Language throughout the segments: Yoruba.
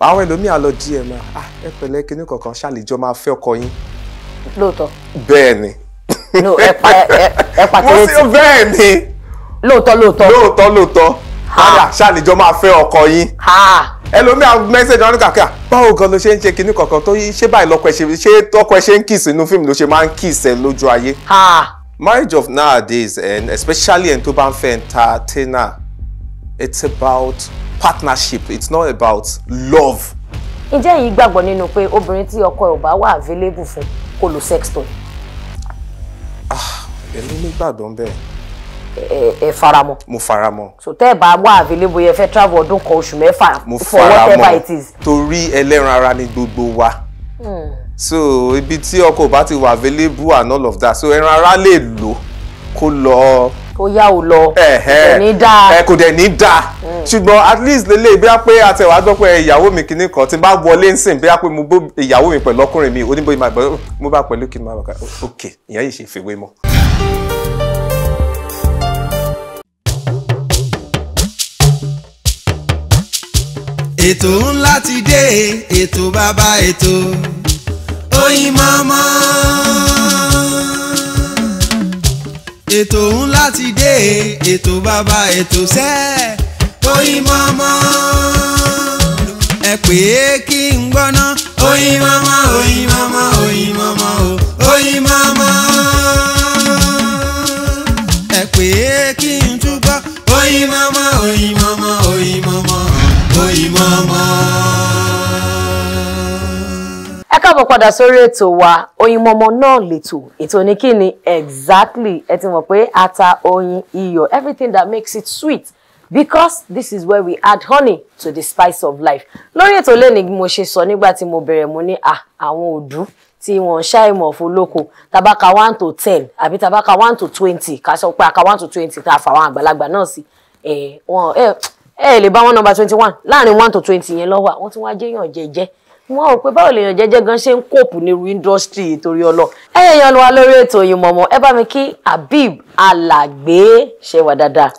àwọn ẹlòmíà lọ jí ẹ máa ah ẹ pẹ̀lẹ́ kinní kankan ṣàlejò máa fẹ́ ọkọ yín. lóòótọ́. bẹ́ẹ̀ ni. no ẹ pa ẹ pa kéré tí. bẹ́ẹ̀ ni. lóòótọ́ lóòótọ́. lóòótọ́ lóòótọ́. rárá ah, ṣàlejò máa fẹ́ ọkọ yín. ẹlòmíà mẹ́sẹ̀jì wọn ní kàkà ah, báwo gan ló ṣe ń ṣe kinní kankan tó yí ṣé báyìí lọkọ ẹ ṣe ṣé tọkọ ẹ ṣe ń kìsì inú fíìmù ló ṣe máa ń kìsì ẹ lójú ayé. marriage of nowadays and especially ẹni tó bá ń fẹ́ entertainer it's about partnership it's not about love. ǹjẹ́ èyí gbàgbọ́ nínú pé obìnrin tí ọkọ ẹ̀ bá wà available fún kò lo sex toy. Ah, èmi nígbàgbọ́ bẹ́ẹ̀. ẹ ẹ faramọ́. mo faramọ́. so tẹ́ ẹ bá wà available yẹ fẹ́ travel ọdún kan oṣù mẹ́fà. mo faramọ́ torí ẹlẹ́ran ara ni gbogbo wa. Hmm. so ibi tí ọkọ ò bá ti wà available and all of that so ẹran ara lè lò kó lọ kó yá o lọ kò ní dáa kò dẹ̀ ní dáa mm. ṣùgbọ́n at least lélẹ̀ bí a pé àtẹ̀wá gbọ́ pé ìyàwó mi kìíní kan tí n bá wọlé ń sìn bí a pé mo bó ìyàwó mi pẹ̀lú ọkùnrin mi oníbo ìmọ̀ àgbọ̀ mo bá pẹ̀lú kí n máa ok ìyá yìí ṣe fèwé mọ́. ètò ńlá ti dé ètò bàbá ètò Oyinmomo ètò ńlá ti dé ètò bàbá ètò sẹ́ Oyinmomo ẹ pè é kí n gbọ́ná Oyinmomo. káàbọ̀ padà sórí ètò wa oyin mọ́mọ́ náà lètò ètò ní kí ni exactly ẹ ti mọ̀ pé ata oyin iyọ̀ everything that makes it sweet because this is where we add honey to the spice of life lórí ètò lẹ́ni mo ṣe sọ nígbà tí mo bẹ̀rẹ̀ mo ní ah, àwọn òdú tí wọ́n ṣàìmọ̀ fún lóko tabaka one to ten àbí tabaka one to twenty ká sọ pé aka one to twenty tá a fà àwọn àgbàlagbà náà sí ẹ ẹ lè bá wọn nọ́mbà twenty one láàrin one to twenty yẹn lọ́wọ́ àwọn tí wọ́n á jẹ́yàn jẹ́jẹ́ wọn ò pé báwo lèèyàn jẹ́jẹ́ gan ṣe ń kóòpù ní indọ́sítírì torí ọlọ ẹyẹ yan ló wa lórí ètò Oyinmomo ẹ bá mi kí Habib Alàgbé ṣe wà dáadáa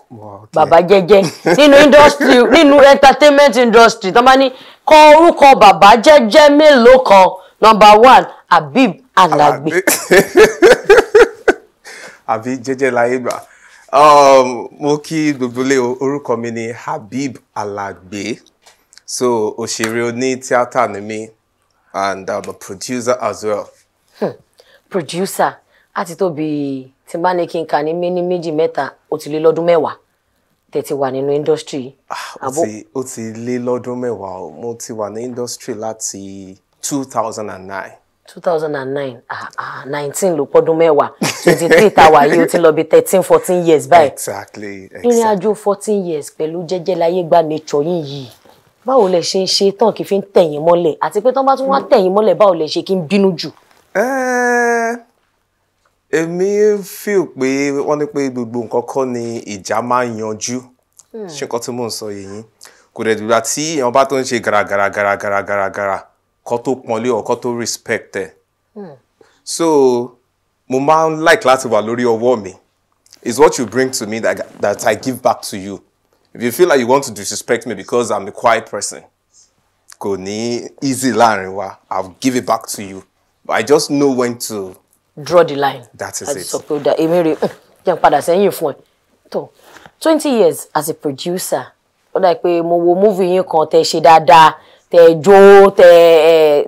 bàbá jẹ́jẹ́ nínú indọ́sítírì nínú entertainment indọ́sítírì tó máa ní kọ orúkọ bàbá jẹ́jẹ́ mélòó kan nọ́mbà one Habib Alàgbé. àbí jẹ́jẹ́ láyé gbà um, mo kí gbogbo lé orúkọ mi ní Habib Alàgbé so òṣèré oní theater ni mí and I'm a producer as well. Hmm. producer a ti tó bíi tí bá ní kí n kà ní méní méjì mẹ́ta ó ti lé lọ́dún mẹ́wàá tẹ̀tí wà nínú industry. Ah, ó ti lé lọ́dún mẹ́wàá o mo ti wà ní industry láti two thousand and nine. two thousand and nine ah ah nineteen ló pọ́dún mẹ́wàá twenty three tàwa yìí ó ti thirteen fourteen years báyìí. exactly exactly. ìrìn àjò fourteen years pẹ̀lú jẹ́jẹ́ láyé gba nature yín yìí báwo lẹ ṣe ń ṣe tán kí n fi ń tẹ̀yìn mọ́lẹ̀ àti pé tán bá tún wá tẹ̀yìn mọ́lẹ̀ báwo lẹ ṣe kí n bínú jù. èmi fi pé wọ́n ní pé gbogbo nǹkan kọ́ ni ìjà máa ń yanjú hmm. ṣé nǹkan tí mò ń sọ yìí kò dẹ̀ dùgbà tí èèyàn bá tó ń ṣe gàràgàràgàràgàràgàrà kọ́ tó pọ́nlé ọ̀kọ́ tó respect ẹ̀ hmm. so mo máa ń like láti wà lórí ọwọ́ mi it's what you bring to me that, that I give back to you if you feel like you want to disrespect me because I'm a quiet person, go ni easy line, wa I'll give it back to you but I just know when to. draw the line. that is it. àti sọ pé ó da èmi rè um, jẹ́ n padà twenty years as a producer but dà pé mo wo movie yín kan tẹ ṣe dáadáa tẹ jó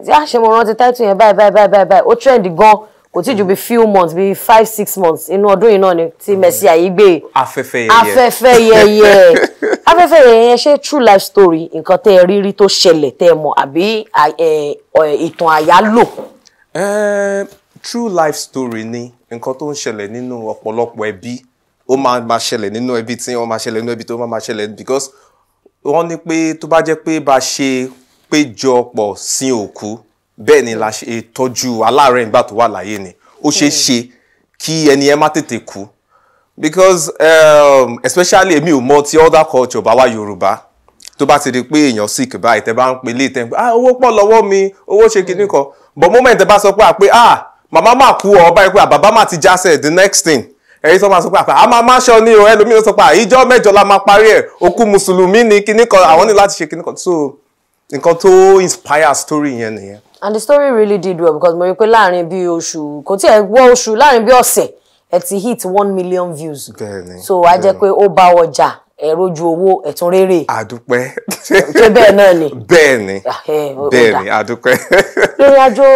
yeah she ṣé mo the title yẹn báyìí báyìí báyìí báyìí ó trend go kò tí ju bí few months bí five six months inú ọdún yìí náà ni tí mm. Mercy Aigbe afẹ́fẹ́ yẹ̀yẹ̀ afẹ́fẹ́ yẹ̀yẹ̀ afẹ́fẹ́ yẹ̀yẹ̀ ṣé true life story nǹkan tẹ́ ẹ rírí tó ṣẹlẹ̀ tẹ́ ẹ mọ̀ àbí ìtàn àyálò. true life story ni nǹkan tó ń ṣẹlẹ̀ nínú ọ̀pọ̀lọpọ̀ ẹbí ó máa máa ṣẹlẹ̀ nínú ẹbí tí wọ́n máa ṣẹlẹ̀ nínú ẹbí tó máa máa ṣẹlẹ̀ because wọ́n ní pé tó bá jẹ́ pé bá ṣe péjọpọ̀ sin òkú bẹ́ẹ̀ ni la ṣe tọ́jú aláàárẹ̀ nígbà tó wà láyé ni ó ṣeé hmm. ṣe kí ẹni ẹ má tètè kú because um, especially èmi ò mọ ti other culture bá wa Yorùbá tó bá ti di pé èèyàn sick báyìí tẹ bá ń pe léètẹ́ pé ah owó pọ̀ lọ́wọ́ mi owó ṣe kinní hmm. kan but moment tẹ bá sọ pé à ah, pé ah màmá mà kú ọ báyìí pé àbàbá ah, mà ti jásẹ̀ the next thing ẹ̀yin tó máa sọ pé àpá ah, a máa máṣọ ní o ẹlòmíràn sọ pé àìjọ mẹ́jọ la máa parí ẹ̀ òkú mùsùlùmí ni kinní kan àwọn ní láti ṣe kinní kan so nǹkan tó inspire story yẹn nìyẹn and the story really did well because mo rí i pé láàrin bí oṣù kò tí ẹ gbọ́ oṣù láàrin bí ọ̀sẹ̀ ẹ ti hit one million views so a jẹ́ pé ó bá ọjà ẹ̀rọjú owó ẹ̀tún rere. àdúpẹ́. ṣé bẹ́ẹ̀ náà ni. bẹ́ẹ̀ni ah, bẹ́ẹ̀ni àdúpẹ́. lórí àjò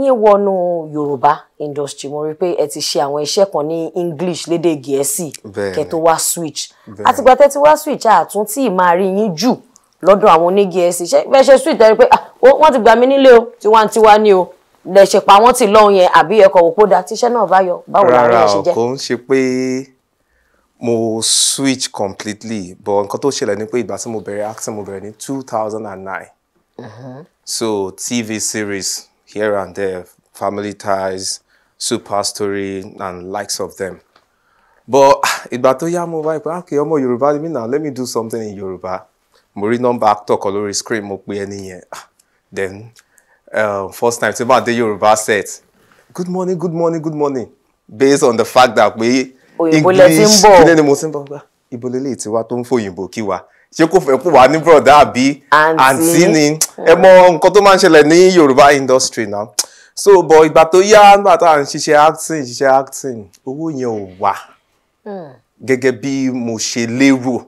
yín wọnú yorùbá industry mo rí i pé ẹ ti ṣe àwọn iṣẹ́ kan ní english lédè gẹ̀ẹ́sì kẹ́ tó wá switch àtìgbà tẹ́ ti wá switch àtúntì máa rí yín jù lọ́dọ̀ àwọn onígẹ̀ẹ́sì ṣé bẹ́ẹ̀ ṣe switch ẹ rí pé ah wọ́n ti gbà mí nílé o tiwantiwa ni o lè pa wọ́n ti lọ́hùn yẹn àbí ẹ̀kọ́ òpó da tíṣẹ́ náà bá yọ báwo la rí ṣe jẹ́. rárá kò ń ṣe pé mo switch completely but nǹkan tó ṣẹlẹ̀ ni pé ìgbà tí mo bẹ̀rẹ̀ acting mo bẹ̀rẹ̀ ní two thousand and nine mm-hmm. so tv series here and there family ties super story and likes of them but ìgbà tó yá mo bá ìpè okay ọmọ yorùbá mi now let me do something in yorùbá mo rí nọ́mbà actor kan lórí screen mo pe ẹni yẹn ah Then uh, first time tí ó bá dé Yorùbá set good morning good morning good morning based on the fact that we English kí lẹ́ni mo ti ń bọ̀ gbà ibo lélẹ́yìí tiwa tó ń fòyìnbó kí wa ṣé kò fẹ́ kó wà ní broda àbí àǹtí ni hmm. industry now. so boy, but to yá but tá à ń ṣiṣẹ́ acting ṣiṣẹ́ acting Oh, you wah. wà hmm. gẹ́gẹ́ bí mo ṣe lérò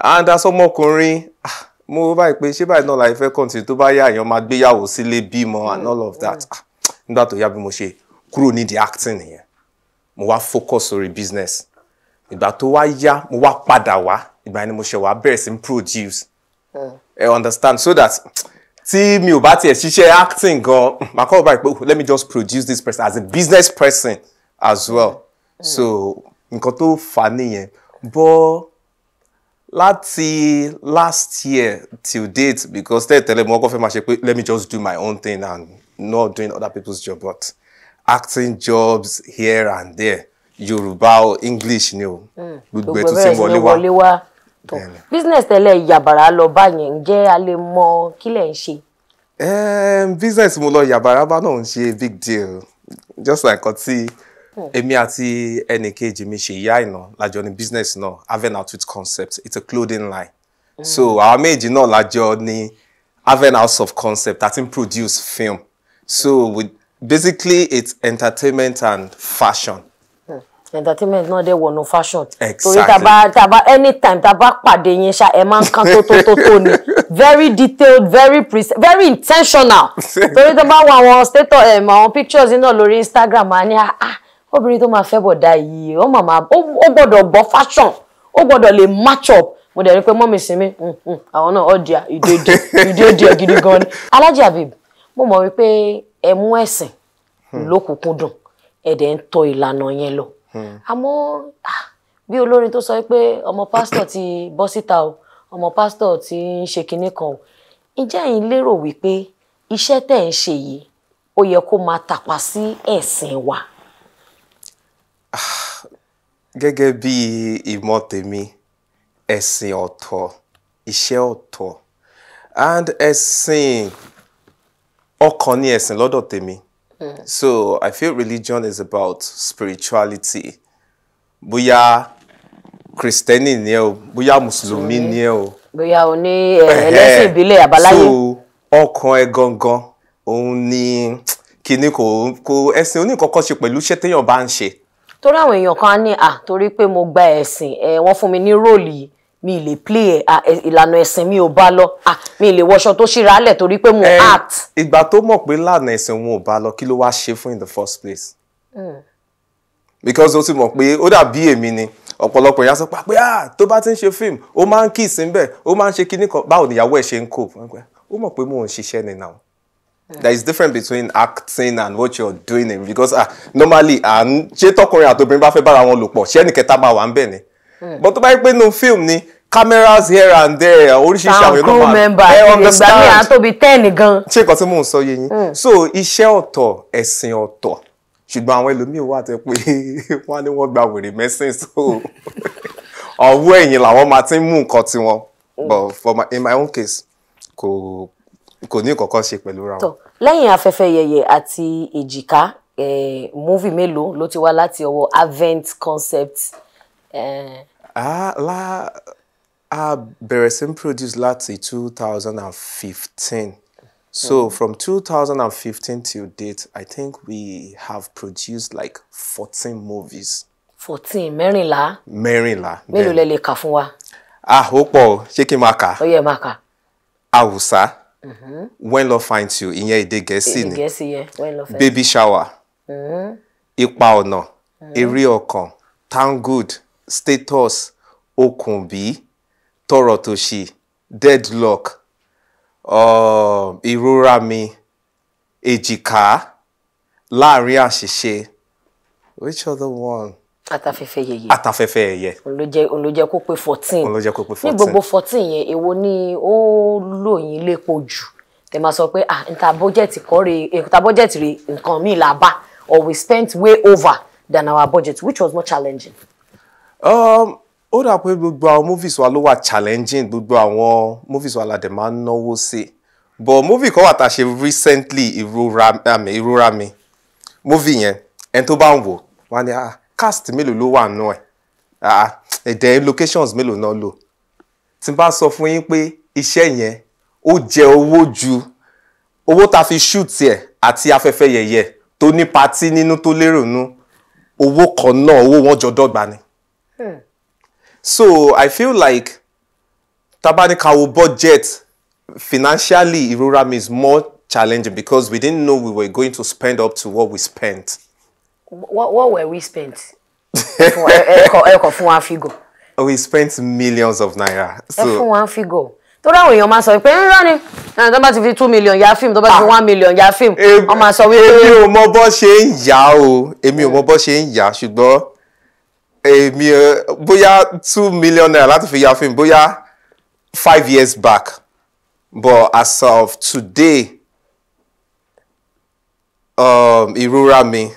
and asọmọkùnrin ah mo wọ báyìí pé ṣé báyìí náà la ìfẹ́ kọ́ntínú tó bá yá èèyàn máa gbéyàwó sílé bímọ and mm, all of that mm. ah, nígbà tó yá bí mo ṣe kúrò nídìí acting nìyẹn mo wá focus sórí business ìgbà tó wá yá mo wá padà wá ìgbà yẹn ni mo ṣe wá bẹ̀rẹ̀ sí produce ẹ mm. eh, understand so that tí mi ò bá tiẹ̀ ṣiṣẹ́ acting gan màá kọ́ báyìí pé oh, let me just produce this person as a business person as well so nǹkan tó fà á nìyẹn bọ́ láti last year till date because tẹ́lẹ̀ tẹ́lẹ̀ mo kọ́ fẹ́ máa ṣe pé let me just do my own thing and not doing other people's job but acting jobs here and there Yorùbá o English ni o hmm. gbogbo ẹ̀ tó ti ń wọlé wá tó business tẹ́lẹ̀ yàbàrà lọ báyẹn ǹjẹ́ a lè mọ kí lẹ̀ ń ṣe. business mo lọ yàbàrà bá náà ń ṣe big deal just like ọtí èmi àti ẹnì kejì mi ṣe ìyá ìná lájọ ní business náà Aven Outfit Concept it's a clothing line mm. so àwọn méjì náà lájọ ní Aven House of Concept àti produce film so we basically it's entertainment and fashion hmm. entertainment náà dẹ̀ wọ̀nà fashion. exactly torí taba taba anytime taba pàdé yẹn ṣá ẹ máa ń kan tó tó ni very detailed very precise very intentional torí taba wọ àwọn status àwọn pictures náà lórí Instagram àá ní ah ah obìnrin tó máa fẹ́ bọ̀dá yìí ó màmá ó gbọ́dọ̀ bọ́ fashion ó gbọ́dọ̀ lè match up mo dẹ̀ rí pé mọ́mì sinmi hmm, hmm, àwọn náà ọ̀dìà ìdédé ìdédé gidi gan ni. Alhaji Habib mo mọ̀ wípé ẹ mú ẹ̀sìn hmm. lókùnkúndùn ẹ̀dẹ̀ ń tọ ìlànà yẹn lọ. àmọ́ ah, bí olórin tó sọ pé ọmọ pásítọ̀ ti bọ́ síta o ọmọ pásítọ̀ ti ń ṣe kinní kan o ǹjẹ́ ẹ̀yin lérò wípé iṣẹ́ tẹ̀ ń ṣe yìí ó yẹ kó máa tàpá sí ẹ̀sìn wa. Gẹ́gẹ́ bí ìmọ̀ tèmi, ẹ̀sìn ọ̀tọ̀, iṣẹ́ ọ̀tọ̀. And ẹ̀sìn, ọkàn ni ẹ̀sìn lọ́dọ̀ tèmi. Hmm. So I feel religion is about spirituality. Bóyá Kristẹni ni ẹ o, bóyá Mùsùlùmí ni ẹ o. Bóyá o ní eh, ẹlẹ́sìn ìbílẹ̀ àbáláyé. So ọkàn ẹ gangan, òun ni kìíní kò ẹ̀sìn oníkọ̀ọ́kọ́ ṣe pẹ̀lú iṣẹ́ téèyàn bá ń ṣe torí àwọn èèyàn kan á ní à torí pé mo gba ẹ̀sìn ẹ̀ wọ́n fún mi ní róòlì yìí mi lè play ẹ ìlànà ẹ̀sìn mi ò bá lọ mi lè wọṣọ tó ṣíra lẹ̀ torí pé mo act. ìgbà tó mọ̀ pé lànà ẹ̀sìn òun ò bá lọ kí ló wáá ṣe fún in the first place. Hmm. because ó ti mọ̀ pé ó dàbí èmi ni ọ̀pọ̀lọpọ̀ ìyá sọ pé pé ah tó bá ti ń ṣe fíìmù ó máa ń kí ìsìn ó máa ń ṣe kíní kan báwo nìyàwó ẹ̀ ṣe ń kó ó mọ̀ pé mò ń ṣiṣẹ́ ni náà there is difference between acting and what you're doing because ah normally ah ṣé tọkùnrin àtobìnrin bá fẹ́ bára wọn lò pọ̀ ṣé ẹnì kẹta máa wà ń bẹ̀ ni but tó bá yẹ pé no film ni cameras here and there oríṣiríṣi àwọn èèyàn máa ń bẹ understand ìgbà mi à ń tóbi ten gan. ṣé nǹkan tí mò ń sọ yé yín mm. so iṣẹ́ ọ̀tọ̀ ẹ̀sìn ọ̀tọ̀ ṣùgbọ́n àwọn ẹlòmíín wà tẹ pé wọ́n á ní wọ́n gba wèrè mẹ́sìn so ọwọ́ ẹ̀yìn làwọn máa ti ń mú nǹkan tiwọn mm. but for my in my own case kò kò ní kọ̀ọ̀kan ṣe pẹ̀lú ra wọn. lẹ́yìn afẹ́fẹ́ yẹyẹ àti èjìká múvì mélòó ló ti wá láti ọwọ́ Avent Concept. Eh. Ah, la, a bẹ̀rẹ̀ sí ń produce láti two thousand and fifteen so mm. from two thousand and fifteen till date I think we have produced like fourteen movies. fourteen mẹ́rìnlá. mẹ́rìnlá. mélòó lẹ lè kà fún wa. ah ó pọ̀ ṣé kí n máa kà. ó yẹ máa kà. Haúsá. Mm-hmm. when love finds you ìyẹn èdè gẹ̀ẹ́sì ni baby shower mm-hmm. ipa ọ̀nà mm-hmm. eré ọkàn tangood status okùnbí tọrọ tòṣì deadlock uh, ìrora mi èjìká láàrin àṣìṣe which other one atafẹ́fẹ́ yẹyẹ atafẹ́fẹ́ yẹyẹ. olójẹ olójẹ kó pé fourteen olójẹ kó pé fourteen ní gbogbo fourteen yẹn èwo ni ó lóyìn lépo jù tẹ máa sọ pé ah nta bọ́jẹ̀tì kọ́re nta bọ́jẹ̀tì rè nǹkan míì là bá or we spent way over than our budget which was more challenging. Um, ó dà pé gbogbo àwọn movies wa ló wà challenging gbogbo àwọn movies wa la dẹ̀ máa ń náwó sí but movie kan wà tá a ṣe recently ìrora mi ìrora mi movie yẹn ẹni tó bá ń wò wọ́n á ní ah cast mélòó ló wà nù ẹ̀ ah, ẹ̀dẹ̀ locations mélòó náà lò tí n bá sọ fún yín pé iṣẹ́ yẹn ó jẹ owó ju owó tá fi shoot ẹ̀ àti afẹ́fẹ́ yẹ̀yẹ̀ tó ní patí nínú tó lérò nú owó kan náà owó wọn jọ dọ́gba ni. Hmm. so I feel like tabanikawo budget financially ìrora mi is more challenging because we didn't know we were going to spend up to what we spent what, what were we spent? ẹkọ fún wa figo. we spent millions of naira. ẹ fún figo. fígò torí àwọn èèyàn máa sọ pé ńlá ni tó bá ti fi two million you have film. tó bá if fi ah. one million you have film. máa sọ wípé. èmi ò mọ bó ṣe ń ya, o èmi ò mọ bó ṣe ń yá ṣùgbọ́n èmi eh, bóyá two million naira láti fi ya fíìmù bóyá five years back but as of today um, ìrora mi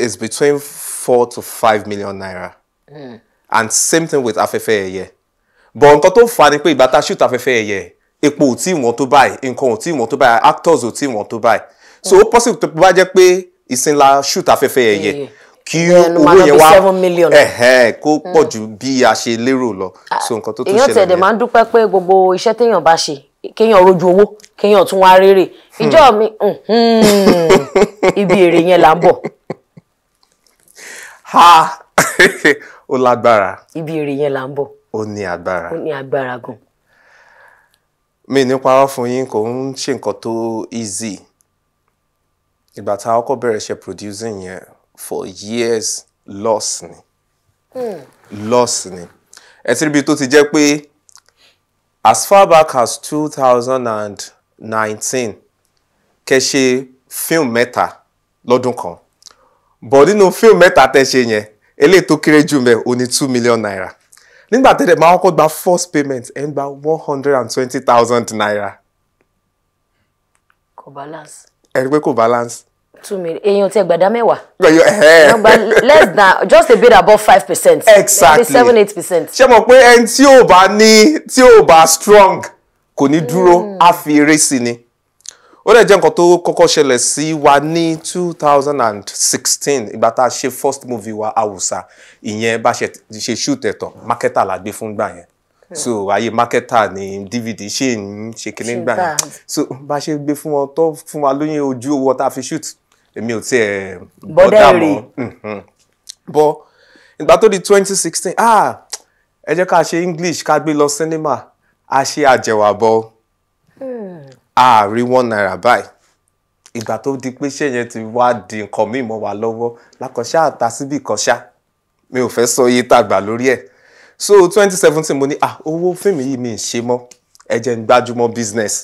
is between four to five million naira mm. and same thing with Afefe ẹ̀yẹ but nǹkan tó fà á ni pé ìgbà tá shoot Afefe ẹ̀yẹ epo ò tí wọ́n tó báyìí nǹkan ò tí wọ́n tó báyìí actors ò tí wọ́n tó báyìí so hmm. ó possible tó bá jẹ́ pé ìsinla shoot afẹ́fẹ́ hmm. ẹ̀yẹ kí owó yẹn eh ẹ̀hẹ́n kó hmm. pọ̀ ju bí a ṣe lérò lọ ah, so nǹkan tó tún ṣẹlẹ̀ yẹn. èèyàn tẹ̀dẹ̀ máa ń dúpẹ́ pé gbogbo iṣẹ́ téèyàn bá ṣe kéèyàn rojú owó kéèyàn tún wá rere ìjọ mi ibi èrè yẹn là ń bọ̀ ha ó lágbára. ibi èrè yẹn la ń O ni agbara. O ni agbara agbára gan. mi ní parọ́ fún yín kò ń ṣe nǹkan tó easy ṣe producing yẹn for years loss ni mm. loss ni ẹ ti ríbi ti pé as far back as two thousand and nineteen kẹ́ ṣe fíìmù mẹ́ta kan. but nínú fíìmù mẹ́ta tẹ́ ṣe yẹn eléyìí tó kéré jù mẹ́ o two million naira nígbà tẹ́lẹ̀ máa kọ́kọ́ gba first payment ẹ̀ ń gba one hundred and twenty thousand naira. kò balance. ẹ rí pé kò balance. two million èèyàn tí ẹ gbàdá mẹ́wàá. ẹyọ ẹ ẹ less than just a bit above five percent. exactly maybe seven eight percent. ṣé mo pé ẹni tí ò bá ní tí ò bá strong kò ní dúró hmm. á fi eré sí ni. Mm ó dẹ̀ jẹ́ nǹkan tó kọ́kọ́ ṣẹlẹ̀ sí wa ní two thousand and sixteen ìgbà tá a ṣe first movie wa Hausa ìyẹn bá ṣe shoot ẹ̀tàn marketer la gbé fún gbà yẹn hmm. so ayé marketer ni DVD ṣe ń ṣe kíní gbà yẹn so bá ṣe gbé fún wọn tó fún wa lóyún ojú owó tá a fi shoot èmi ò tiẹ̀ bọ́dà mọ́ mm-hmm. bọ́ ìgbà tó di twenty sixteen ah ẹ jẹ́ ká ṣe English ká gbé lọ cinema a ṣe àjẹwàbọ̀ ààrí one naira báyìí ìgbà tó di pé iṣẹ́ yẹn ti wá di nǹkan míì mọ́ wa lọ́wọ́ lákọ̀ọ́ṣá àta síbì kọ́ṣá mi ò fẹ́ sọ iye tá lórí ẹ̀ so twenty seventeen mo ní ah owó fíìmù yìí mi ì ṣe mọ́ ẹ jẹ́ ń gbájúmọ́ business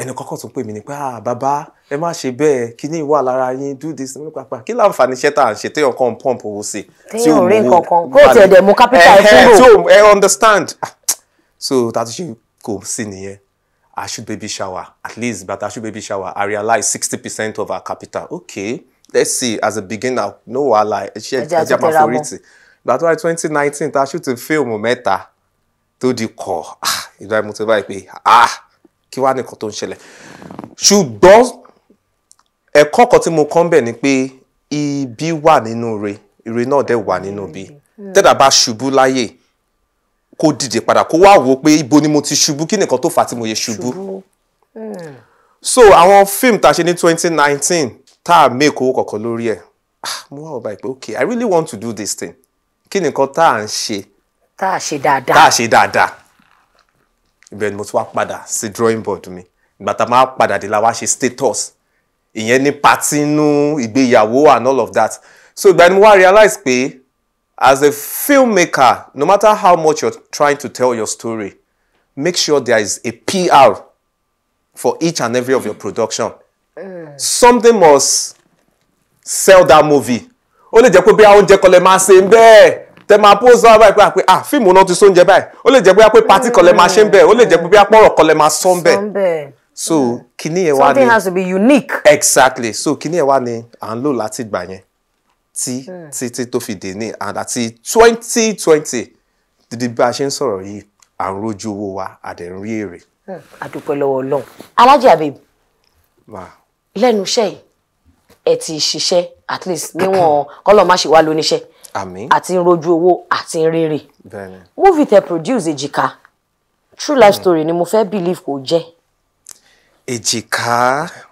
ẹni kọ́kọ́ tún pè mí ní pé ah bàbá ẹ má ṣe bẹ́ẹ̀ kí ni lára yín do this ní pàpà kí láǹfààní iṣẹ́ tá à ń ṣe téèyàn kan pump owó sí i tí ò mú kó tiẹ̀ dẹ̀ mú capital ẹ̀ kúrò ẹ̀ understand ah, so tàtúnṣe kò sí nìyẹn I Ashu baby shower. At least, but I Ashu baby shower, I realized 60% of our capital. Okay, let's see, as a beginner, no I like. ma forítì. Ìgbà tó wáyé 2019, ta ṣùtì fíìmù mẹ́ta tó di kọ̀. Ah, ìgbà mo ti báyìí pé, ah, kí wá nìkan tó ń ṣẹlẹ̀. Ṣùgbọ́n ẹ̀kọ́ kan tí mo kọ́ ń bẹ̀ ni pé ibi wà nínú ire, ire náà dẹ̀ wà nínú ibi kó dìde padà kó wá wò pé ibo ni mo ti ṣubú kí nìkan tó fà á tí mo yẹ ṣubú. Hmm. so àwọn fíìmù tá a ṣe ní twenty nineteen tá a make owó kọ̀ọ̀kan lórí ẹ̀ ah, mo wá ọba ìpè okay i really want to do this thing kí nìkan tá à ń ṣe. tá a ṣe dáadáa. tá a ṣe dáadáa ibẹ̀ ni mo tún wá padà sí drawing board mi ìgbà tá a máa padà dé la wá ṣe status ìyẹn ní patínú ìgbéyàwó and all of that so ìgbà ni mo wá realize pé As a filmmaker, no matter how much you're trying to tell your story, make sure there is a PR for each and every of your production. Something must sell that movie. O le jẹ́ pé bí oúnjẹ kan lè máa ṣe ń bẹ́ẹ̀ tẹ máa pose wá báyìí ah, pé ah fíìmù náà ti sóúnjẹ báyìí ó lè jẹ́ pé pati kan lè máa ṣe ń bẹ́ẹ̀ ó lè jẹ́ pé apọ̀rọ̀ kan lè máa sọ ń bẹ́ẹ̀ so hmm. kìnìyẹn wá ni something has to be unique. exactly so kìnìyẹn wá ni à ń lò láti gbà yẹn tí títí hmm. tó fi dèní àti twenty twenty dídí bá a ṣe ń sọ̀rọ̀ yìí à ń rójú owó wa àdẹ̀ ń rí èrè. àdúpẹ́ hmm. lọ́wọ́ ọlọ́run alájì àbẹ̀bí lẹ́nu iṣẹ́ yìí ẹ ti ṣiṣẹ́ at least níwọ̀n kọ́lọ́ má ṣe wá lóníṣẹ́ àti ń rójú owó àti ń movie tẹ produce èjìká true life hmm. story ni mo fẹ́ believe kò jẹ́. èjìká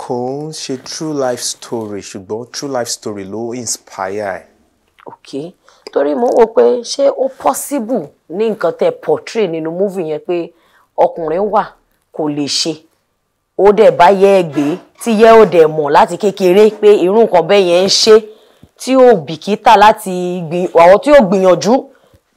kò ń ṣe true life story ṣùgbọ́n true life story ló inspire ẹ̀. ok torí mo wò pé ṣé ó possible ní nǹkan tẹ portray nínú movie yẹn pé ọkùnrin wà kò lè ṣe ó dẹ̀ bá yẹ ẹ gbé tí yẹ ó dẹ̀ mọ̀ láti kékeré pé irú nǹkan bẹ́ẹ̀ yẹn ń ṣe tí ó bìkítà láti gbìn àwọn tí ó gbìyànjú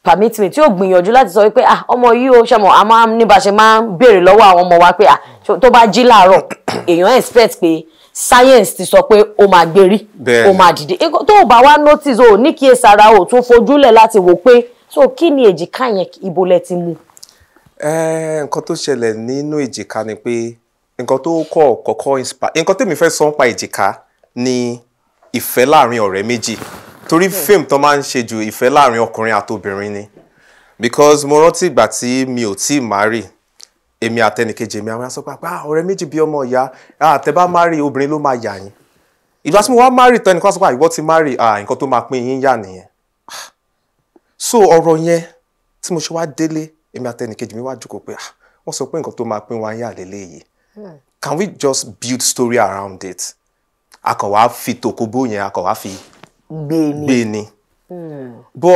permit me tí ó gbìyànjú láti sọ wípé ah ọmọ yìí ó ṣe mọ̀ a máa máa ń béèrè lọ́wọ́ àwọn ọmọ wa pé ah tó bá jí láàárọ̀ èèyàn expect pé science ti sọ pé ó máa gbérí ó máa dìde tó o bá wá notice o ní kí esi ara o tún fojúlẹ̀ láti wò pé so kí ni èjìká yẹn ibo lẹ ti mú. Eh, nǹkan tó ṣẹlẹ̀ nínú èjìká ni pé nǹkan tó kọ́ kọ́kọ́ nǹkan tèmi fẹ́ sọ nípa èjìká ni ìfẹ́ láàrin ọ̀rẹ́ méjì torí fíìmù tó máa ń ṣe ju ìfẹ́ láàrin ọkùnrin àtobìnrin ni because mo rántí ìgbà tí mi ò tíì marry èmi àtẹnìkejì mi àwọn asọ́pá pé ah, ọ̀rẹ́ méjì bí ọmọ ìyá àtẹ̀bá ah, márì obìnrin ló máa yà yín ìgbà tí mo wá márì tán nìkan sọ́pá ah, ìwọ ti márì nǹkan tó máa pín yín yà nìyẹn so ọ̀rọ̀ yẹn tí mo ṣe wá délé èmi àtẹnìkejì mi wá jókòó pé wọ́n sọ pé nǹkan tó máa pín wa yà lélẹ́yìí hmm. can we just build story around it wa fi tòkóbó yẹn akọ̀wá fi gbé ni hmm. but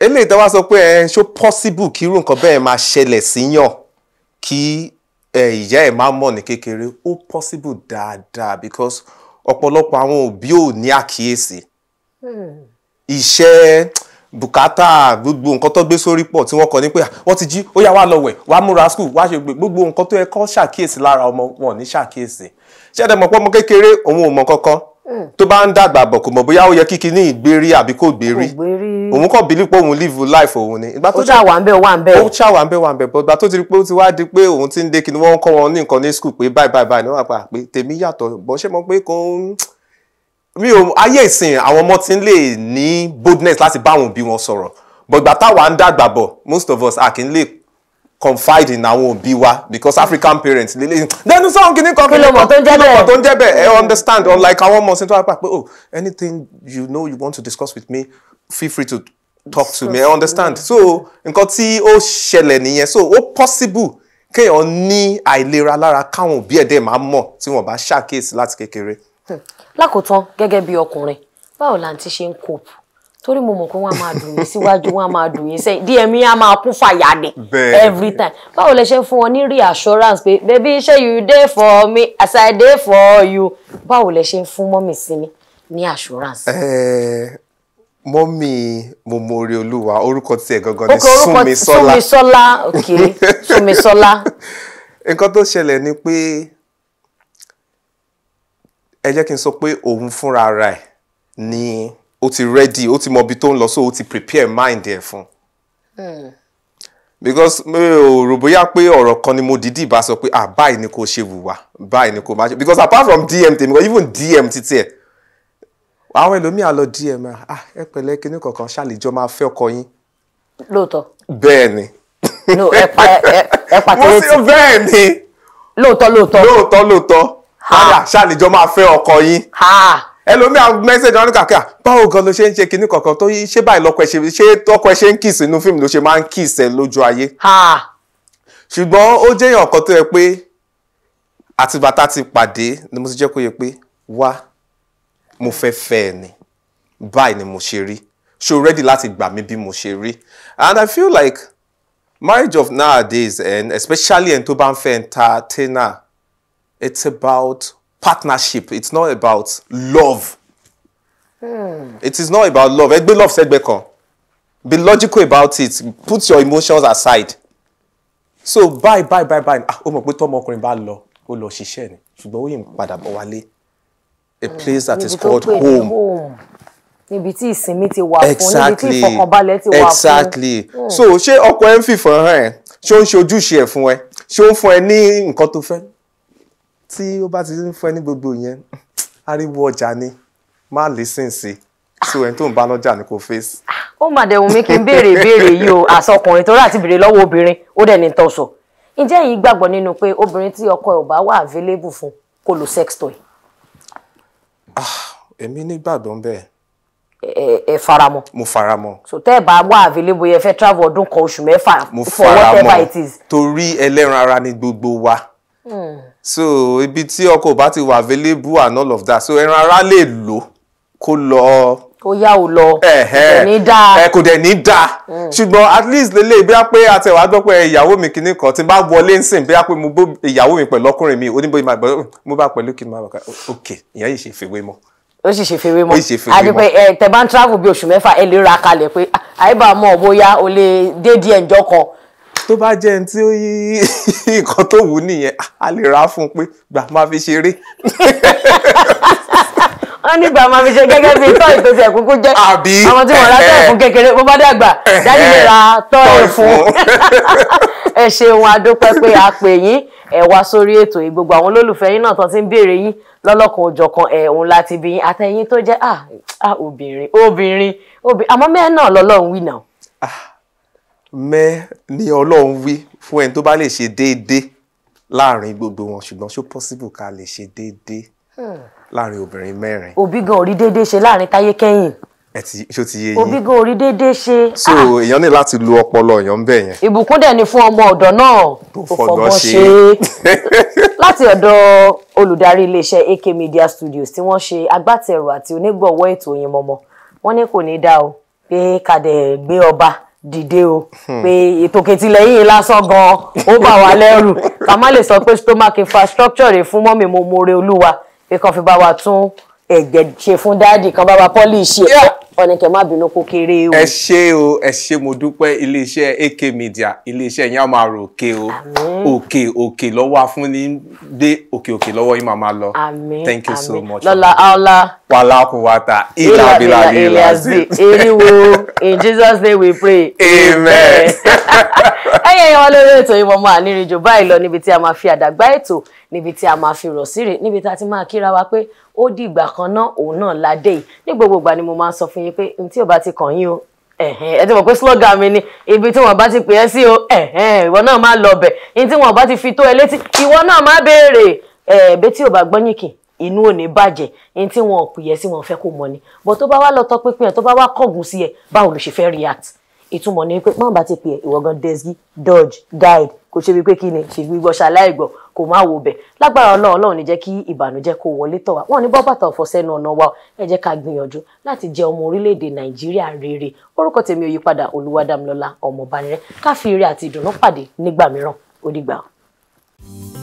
eléyìí tó wá sọ pé ẹ eh, ṣó possible kí irú nǹkan bẹ́ẹ̀ máa ṣẹlẹ̀ síyàn kí ìyá ẹ̀ máa mọ̀ ní kékeré ó possible dáadáa because ọ̀pọ̀lọpọ̀ àwọn òbí ò ní àkíyèsí hmm. iṣẹ́ bùkátà gbogbo nǹkan tó gbé sórí pọ̀ tí wọ́n kọ ní pé wọ́n ti jí ó yá wá lọ wẹ̀ wá múra school wá ṣe gbogbo nǹkan tó yẹ kó ṣàkíyèsí lára ọmọ wọn ní ṣàkíyèsí ṣé ẹ mọ̀ pé ọmọ kékeré òun ò mọ̀ kankan tó bá ń dàgbà bọ̀ kò mọ̀ bóyá ó yẹ kíkí ní ìgbérí àbí kò gbérí òun kàn bílí pé òun live life òun ni. ó ṣà wà ń bẹ̀ wà ń bẹ̀. ó ṣà wà ń bẹ̀ wà ń bẹ̀ bọ́ ìgbà tó ti rí pé ó ti wá di pé òun ti ń dé kíni wọ́n ń kọ́ wọn ní nǹkan ní skul pé báyìí báyìí báyìí ni wọ́n á pa pé tèmi yàtọ̀ bọ́ ṣé mo pé kò ń mi ò ayé ìsìn àwọn ọmọ ti ń lè ní boldness láti bá àwọn òbí wọn sọ̀rọ̀ bọ̀gbà táwa ń dàgbà bọ̀ most of us a kì í lè confide in àwọn òbí wa because African parents lè lè dẹnu sáwọn kìíní kan kìíní kan kìíní kan tó ń jẹ́ bẹ́ẹ̀ ẹ understand unlike àwọn ọmọ ṣètò àpá pé oh anything you know you want to discuss with me feel free to talk to me i understand so nǹkan tí ó ṣẹlẹ̀ nìyẹn so ó possible kéèyàn ní àìlera lára káwọn òbí ẹ̀dẹ̀ máa mọ̀ tí wọ́n bá ṣàkíyèsí láti kékeré. Hmm. lákòótán gẹ́gẹ́ bí ọkùnrin báwo làǹtí ṣe ń cope torí mo mọ̀ pé wọ́n á máa dùn yín síwájú wọ́n á máa dùn yín sẹ́yìn dm yín á máa kún fàyà ni every time báwo lẹ ṣe ń fún wọn ní reassurance pé baby ṣé you dey for me as i dey for you báwo lẹ ṣe ń fún mọ́mì sí mi ní assurance. mọ́mì Mọ́mọ́rè Olúwa orúkọ tiẹ̀ gangan ni Súnmisọ́lá Súnmisọ́lá ok Súnmisọ́lá. nǹkan tó ṣẹlẹ̀ ni pé ẹ jẹ́ kí n sọ pé òun fúnra rẹ̀ ni ó ti ready ó ti mọ ibi tó ń lọ so ó ti prepare mind ẹ̀ fún because mi ò rò bóyá pé ọ̀rọ̀ kan ni mo dìídì bá sọ pé ah báyìí ni kò ṣe wùwà báyìí ni kò má ṣe because apart from dm tèmi kan even dm títí ẹ̀ àwọn ẹlòmíà lọ dm ah ẹ pẹ̀lẹ́ kinní kankan ṣàlejò máa fẹ́ ọkọ yín. lóòótọ́. bẹ́ẹ̀ ni. no ẹ pa ẹ pa kéré tí. mo ṣe bẹ́ẹ̀ ni. lóòótọ́ lóòótọ́. lóòótọ́ lóòótọ́. rárá ṣàlejò máa fẹ́ ọkọ yín. ha ẹlòmíà mẹ́sẹ̀jì wọn ní kàkà báwo gan ló ṣe ń ṣe kinní kankan tó yí ṣé báyìí lọ́kọ ẹ̀ ṣe ṣé tọ́kọ ẹ̀ ṣe ń kìsì inú fíìmù ló ṣe máa ń kìsì ẹ̀ lójú ayé. ṣùgbọ́n ó jẹ́ èèyàn kan tó yẹ pé àtìgbà tá ti pàdé ni mo ti jẹ́ kó yẹ pé wá mo fẹ́ fẹ́ ẹ ni báyìí ni mo ṣe rí ṣé o láti gbà mí bí mo ṣe rí and I feel like marriage of nowadays and especially ẹni tó bá ń fẹ́ entertainer it's about partnership it's not about love hmm. it is not about love ẹgbẹ́ love said Beko. be logical about it put your emotions aside so bye bye bye bye ah o mọ̀ pé tọmọkùnrin bá lọ ó lọ ṣiṣẹ́ ni ṣùgbọ́n ó yìn padà bọ̀ wálé a hmm, place that is called home. home níbi tí ìsinmi ti wà fún níbi tí ìfọkànbalẹ̀ ti wà fún. exactly hmm. so ṣé ọkọ ẹ ń fìfọ̀ hàn ẹ ṣé ó ń ṣe ojúṣe ẹ fún ẹ ṣé ó ń fún ẹ ní nǹkan tó fẹ́ tí ó bá ti ń fẹ́ ní gbogbo yẹn ariwo ọjà ni má lè sìn sí tí ẹni tó ń bá lọ́jà ni kò fèsì. ó mà dẹ̀ wù mí kí n béèrè ìbéèrè yìí o àsọkùnrin torí àti béèrè lọ́wọ́ obìnrin ó dẹ̀ ní tọ́sọ̀ ǹjẹ́ yìí gbàgbọ́ nínú pé obìnrin tí ọkọ ẹ̀ ò bá wà available fún kó lo sex toy. Ah, èmi nígbàgbọ́ ń bẹ́ẹ̀ ẹ ẹ faramọ́. mo faramọ́. so tẹ́ ẹ bá wà available yẹn fẹ́ travel ọdún kan oṣù mẹ́fà for whatever it is. mo faramọ́ torí ẹlẹ́ran ara ni gbogbo wa. Mm so ibi tí ọkọ̀ bá ti wà available and all of that so ẹran ara lè lò kó lọ. kó yá o lọ kò ní dáa kò dẹ̀ ní dáa hmm. ṣùgbọ́n at least lélẹ̀ bí a pé àtẹ̀wá gbọ́ pé ìyàwó mi kìíní kan tí n bá wọlé ń sìn bí a pé mo bó ìyàwó mi pẹ̀lú ọkùnrin mi oníbo ìmọ̀ àgbọ̀ mo bá pẹ̀lú kí n máa bàkà ok ìyá yìí ṣe fèwé mọ́. ó sì ṣe fèwé mọ́ àdìpẹ́ ẹ tẹ bá ń travel bí oṣù mẹ́fà ẹ lè ra kalẹ̀ pé ah, àyíbá mọ̀ bóyá o lè dé díẹ̀ ǹjọ́ kan tó bá jẹ́ ẹni tí ó yí nǹkan tó wù ú nìyẹn a lè ra fún un pé gbà máa fi ṣeré. wọ́n ní gbà máa fi ṣe gẹ́gẹ́ bíi tọ́ ìtòsí ẹ̀kúnkú jẹ́ àwọn tí wọ́n ra tọ́ ẹ̀fún kékeré bó bá dàgbà dájú lè ra tọ́ ẹ̀fún. ẹ ṣeun adúpẹ́ pé a pè yín ẹ wá sórí ètò yìí gbogbo àwọn olólùfẹ́ yín náà tó ti ń béèrè yín lọ́lọ́kan òjọ̀kan ẹ̀ òun láti bí yín àtẹ̀yìn tó jẹ́ ah, ah obìnrin obìnrin obìnrin àmọ́ mẹ́ẹ̀ náà lọ́lọ́run wí náà. Ah, mẹ́ ni ọlọ́run wí fún ẹni tó bá lè ṣe déédéé láàrin gbogbo wọn ṣùgbọ́n ṣó possible ká lè ṣe déédéé hmm. láàrin obìnrin mẹ́rin. òbí gan orí déédéé ṣe láàrin táyé kẹ́yìn. ẹ ti ṣó ti yé yín. òbí gan orí déédéé ṣe. so ah! èèyàn ní láti lo ọpọlọ èèyàn ń bẹ yẹn. ìbùkún dẹ̀ ni fún ọmọ ọ̀dọ́ náà tó fọgbọ́n ṣe láti ọ̀dọ̀ olùdarí iléeṣẹ́ AK Media Studios tí wọ́n ṣe agbátẹrù àti onígbọ̀wọ́ ètò Oyinmomo wọ́n ní kò ní dá o pé kàdé gbé ọba dìde o hmm. pé ìtòkètìlẹ̀ yìí lásán gan ó bà wá lẹ́rù ká má lè sọ pé stomach infrastructure rẹ̀ fún mọ́mì mo mọ̀ọ́rẹ́ olúwa pé kàn fi bá wa tún ẹ̀jẹ̀ ṣe fún dáàdì kan bá wa pọ́lì ṣe ọ̀nìkẹ́ má bínú kó kéré o. ẹ ṣé o ẹ ṣé mo dúpẹ́ iléeṣẹ́ AK Media iléeṣẹ́ yẹn á máa rò òkè o òkè òkè lọ́wọ́ afúnni dé òkè òkè lọ́wọ́ yìí màmá lọ. àmín thank you so much. lọ́la ọlá. wàhálà kò wá ta ilà abilà ni ilà sí. eriwo in Jesus name we pray. amen. ẹyẹ ìwọlé orí ètò ìmọ̀ọ́mọ́ àníríjò báyìí lọ níbi tí a máa fi àdàgbà ètò níbi tí a máa fi rọ̀ sí rè níbi tá a ti máa kíra wa pé ó di ìgbà kan náà òun náà la dé yìí ní gbogbo ìgbà ni mo máa ń sọ fún yín pé n tí ò bá ti kàn yín o ẹ ti mọ̀ pé slogan mi ni ibi tí wọ́n bá ti pè é sí o ìwọ náà máa lọ bẹ̀ ní tí wọ́n bá ti fi tó ẹ létí ìwọ náà máa béèrè ẹ̀ẹ́bẹ́ tí ò bá gbọ́n yìnkì inú ò bàjẹ́ ní tí wọn pè é sí wọn fẹ́ kó mọ ni bọ́ tó bá wá lọ tọpinpin ìtumọ̀ ni pé máa bá ti pè é ìwọ desgi dodge guide kò ṣe bí pé kí ni ṣe gbígbọ́ ṣaláìgbọ́ kò má wo bẹ̀ lágbára ọlọ́run ọlọ́run ní jẹ́ kí ìbànújẹ́ kó wọlé tọ̀ wá wọn ní bọ́ ọ̀fọ̀ sẹ́nu ọ̀nà wa ẹ jẹ́ ká gbìyànjú láti jẹ́ ọmọ orílẹ̀-èdè nàìjíríà rere orúkọ tèmi ò yípadà olúwadámilọ́lá ọmọbanirẹ́ ká fi ire àti ìdùnnú pàdé nígbà mìíràn ó dìgbà. thank